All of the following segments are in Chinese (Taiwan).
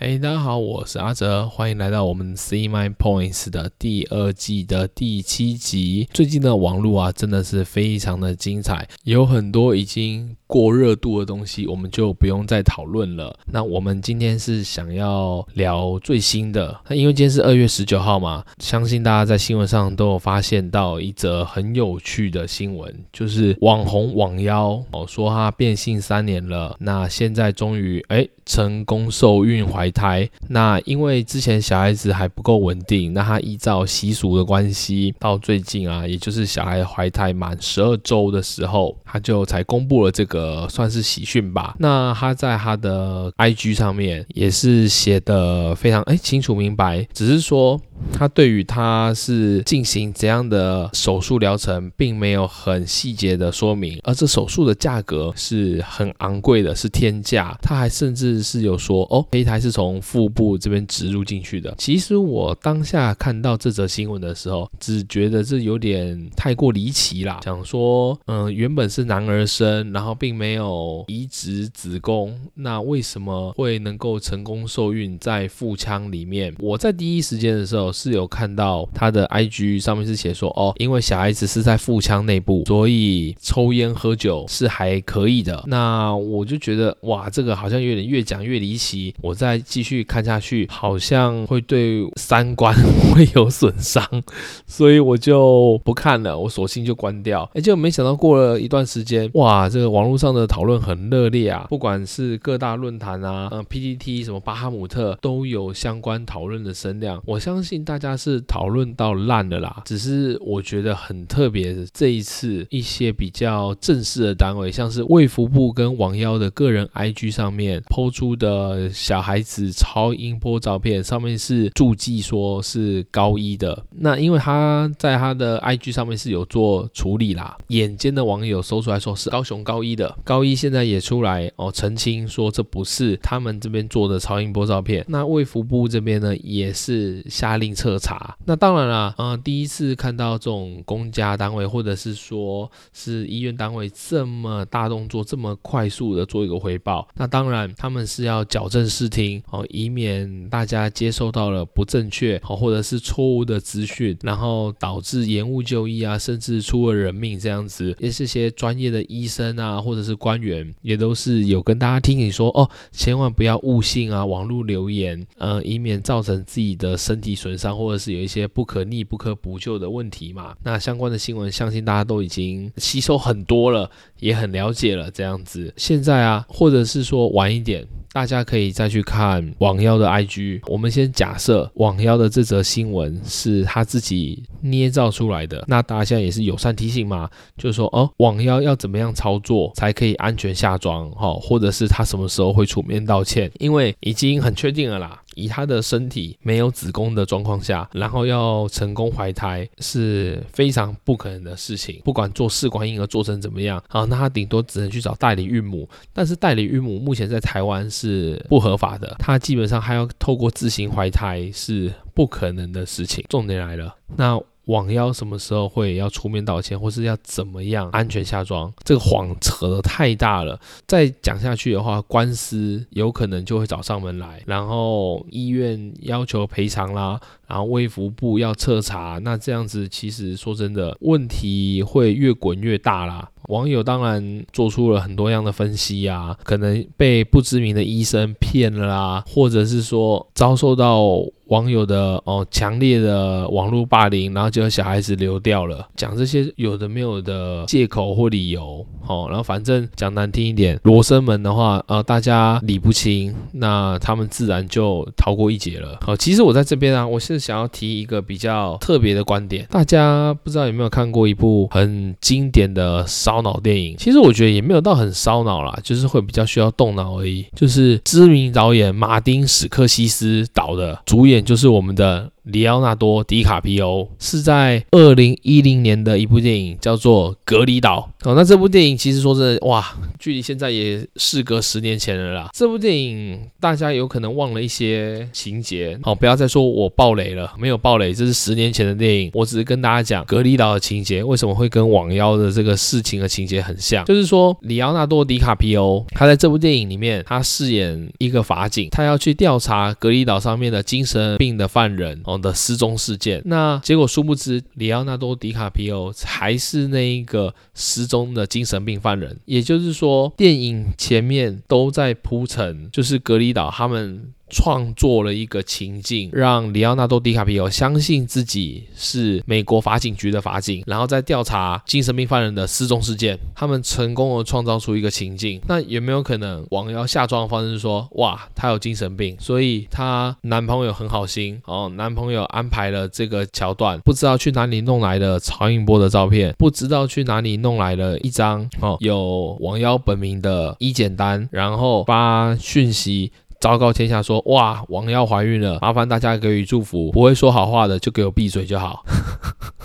哎，Hey，大家好，我是阿哲，歡迎來到我們《See My Points》的第二季的第七集。最近的網絡啊，真的是非常的精彩，有很多已經。過熱度的東西我們就不用再討論了。那我們今天是想要聊最新的。那因為今天是二月十九號嘛，相信大家在新聞上都有發現到一則很有趣的新聞，就是網紅罔腰哦，說他變性三年了，那現在終於哎，成功受孕懷胎。那因為之前小孩子還不夠穩定，那他依照習俗的關係，到最近啊，也就是小孩懷胎滿十二周的時候，他就才公布了這個。呃，算是喜訊吧。那他在他的 IG 上面也是寫的非常，哎，清楚明白，只是說。他對於他是進行怎樣的手術療程，並沒有很細節的說明，而這手術的價格是很昂貴的，是天價。他還甚至是有說，哦，胚胎是從腹部這邊植入進去的。其實我當下看到這則新聞的時候，只覺得這有點太過離奇了。想說，嗯，原本是男兒身，然後並沒有移植子宮，那為什麼會能夠成功受孕在腹腔裡面？我在第一時間的時候。是有看到他的 IG 上面是寫說哦，因為小孩子是在腹腔內部，所以抽煙喝酒是還可以的。那我就覺得哇，這個好像有點越講越離奇。我再繼續看下去，好像會對三觀 會有損傷，所以我就不看了，我索性就關掉。哎、欸，結果沒想到過了一段時間，哇，這個網絡上的討論很熱烈啊，不管是各大論壇啊、嗯、呃、PTT 什麼巴哈姆特，都有相關討論的聲量。我相信。大家是討論到爛的啦，只是我覺得很特別。這一次一些比較正式的單位，像是衛福部跟罔腰的個人 IG 上面拋出的小孩子超音波照片，上面是注記說是高一的。那因為他在他的 IG 上面是有做處理啦，眼尖的網友搜出來說是高雄高一的高一，現在也出來哦澄清說這不是他們這邊做的超音波照片。那衛福部這邊呢，也是下令。徹查，那當然啦、啊，嗯、呃，第一次看到這種公家單位或者是說是醫院單位這麼大動作這麼快速的做一個回報，那當然他們是要矯正視聽哦，以免大家接受到了不正確哦或者是錯誤的資訊，然後導致延誤就醫啊，甚至出了人命這樣子，也是些專業的醫生啊或者是官員也都是有跟大家提醒說哦，千萬不要誤信啊網絡留言，嗯、呃，以免造成自己的身體損失。或者是有一些不可逆、不可補救的問題嘛？那相關的新聞，相信大家都已經吸收很多了，也很了解了。這樣子，現在啊，或者是說晚一點，大家可以再去看罔腰的 IG。我們先假設罔腰的這則新聞是他自己捏造出來的，那大家現在也是友善提醒嘛，就是說哦，罔腰要怎麼樣操作才可以安全下莊哈？或者是他什麼時候會出面道歉？因為已經很確定了啦。以他的身體沒有子宮的狀況下，然後要成功懷胎是非常不可能的事情。不管做試管嬰兒做成怎麼樣，啊，那他頂多只能去找代理孕母。但是代理孕母目前在台灣是不合法的，他基本上還要透過自行懷胎是不可能的事情。重點來了，那。罔腰什麼時候會要出面道歉，或是要怎麼樣安全下莊？這個謊扯得太大了，再講下去的話，官司有可能就會找上門來，然後醫院要求賠償啦，然後衛福部要徹查，那這樣子其實說真的，問題會越滾越大啦。網友當然做出了很多樣的分析啊，可能被不知名的醫生騙了啦，或者是說遭受到網友的哦強烈的網絡霸凌，然後就和小孩子流掉了，講這些有的沒有的借口或理由，哦，然後反正講難聽一點，羅生門的話呃，大家理不清，那他們自然就逃過一劫了。好、哦，其實我在這邊啊，我是想要提一個比較特別的觀點，大家不知道有沒有看過一部很經典的燒。燒腦電影，其實我覺得也沒有到很燒腦啦，就是會比較需要動腦而已。就是知名導演馬丁·史克西斯導的，主演就是我們的。里奧納多·迪卡皮歐是在二零一零年的一部電影，叫做《隔離島》。哦，那這部電影其實說真的，哇，距離現在也事隔十年前了啦。這部電影大家有可能忘了一些情節，哦，不要再說我爆雷了，沒有爆雷，這是十年前的電影。我只是跟大家講《隔離島》的情節為什麼會跟罔腰的這個事情的情節很像，就是說里奧納多·迪卡皮歐，他在這部電影裡面，他飾演一個法警，他要去調查隔離島上面的精神病的犯人。哦。的失蹤事件，那結果殊不知，里奧納多·迪卡皮奧還是那一個失蹤的精神病犯人。也就是說，電影前面都在鋪陳，就是隔離島他們。創作了一個情境，讓里奧納多·迪卡皮奧相信自己是美國法警局的法警，然後在調查精神病犯人的失蹤事件。他們成功地創造出一個情境。那有沒有可能罔腰下莊的方式說，哇，他有精神病，所以他男朋友很好心哦，男朋友安排了這個橋段，不知道去哪裡弄來的超音波的照片，不知道去哪裡弄來了一張哦有罔腰本名的醫檢單，然後發訊息。昭告天下說，說哇，罔腰懷孕了，麻煩大家給予祝福。不會說好話的，就給我閉嘴就好。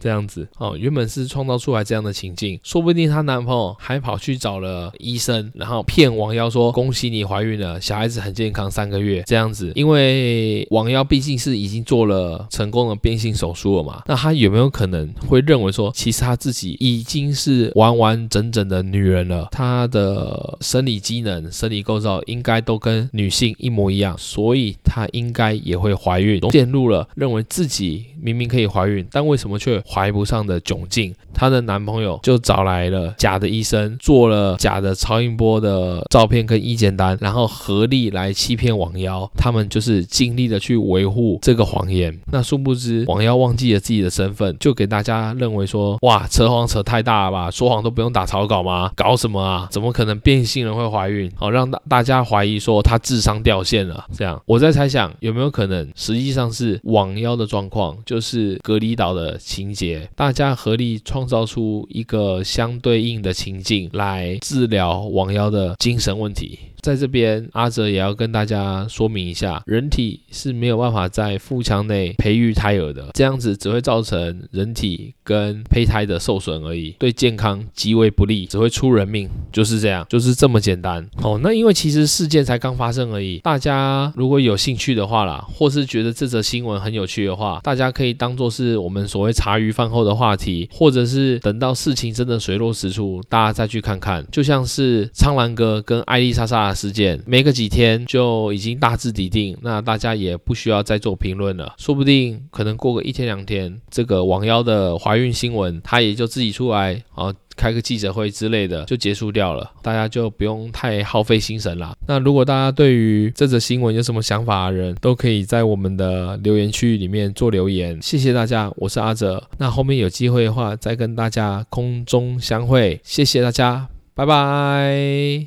這樣子哦，原本是創造出來這樣的情境，說不定她男朋友還跑去找了醫生，然後騙罔腰說：“恭喜你懷孕了，小孩子很健康，三個月這樣子。”因為罔腰畢竟是已經做了成功的變性手術了嘛，那她有沒有可能會認為說，其實她自己已經是完完整整的女人了，她的生理機能、生理構造應該都跟女性一模一樣，所以她應該也會懷孕，陷入了認為自己明明可以懷孕，但為什麼卻懷不上的窘境，她的男朋友就找來了假的醫生，做了假的超音波的照片跟醫檢單，然後合力來欺騙罔腰。他們就是盡力的去維護這個謊言。那殊不知罔腰忘記了自己的身份，就給大家認為說：哇，扯謊扯太大了吧？說謊都不用打草稿嗎？搞什麼啊？怎麼可能變性人會懷孕？好、哦，讓大大家懷疑說她智商掉線了。這樣，我在猜想有沒有可能，實際上是罔腰的狀況，就是隔離島的情。解，大家合力創造出一個相對應的情境來治療罔腰的精神問題。在這邊，阿哲也要跟大家說明一下，人體是沒有辦法在腹腔內培育胎兒的，這樣子只會造成人體跟胚胎的受損而已，對健康極為不利，只會出人命，就是這樣，就是這麼簡單。哦，那因為其實事件才剛發生而已，大家如果有興趣的話啦，或是覺得這則新聞很有趣的話，大家可以當做是我們所謂茶餘飯後的話題，或者是等到事情真的水落石出，大家再去看看，就像是蒼藍鴿跟艾莉莎莎。事件沒個幾天就已經大致底定，那大家也不需要再做評論了。說不定可能過個一天兩天，這個罔腰的懷孕新聞，他也就自己出來，然後開個記者會之類的就結束掉了，大家就不用太耗費心神了。那如果大家對於這則新聞有什麼想法的人都可以在我們的留言區裡面做留言。謝謝大家，我是阿哲。那後面有機會的話，再跟大家空中相會。謝謝大家，拜拜。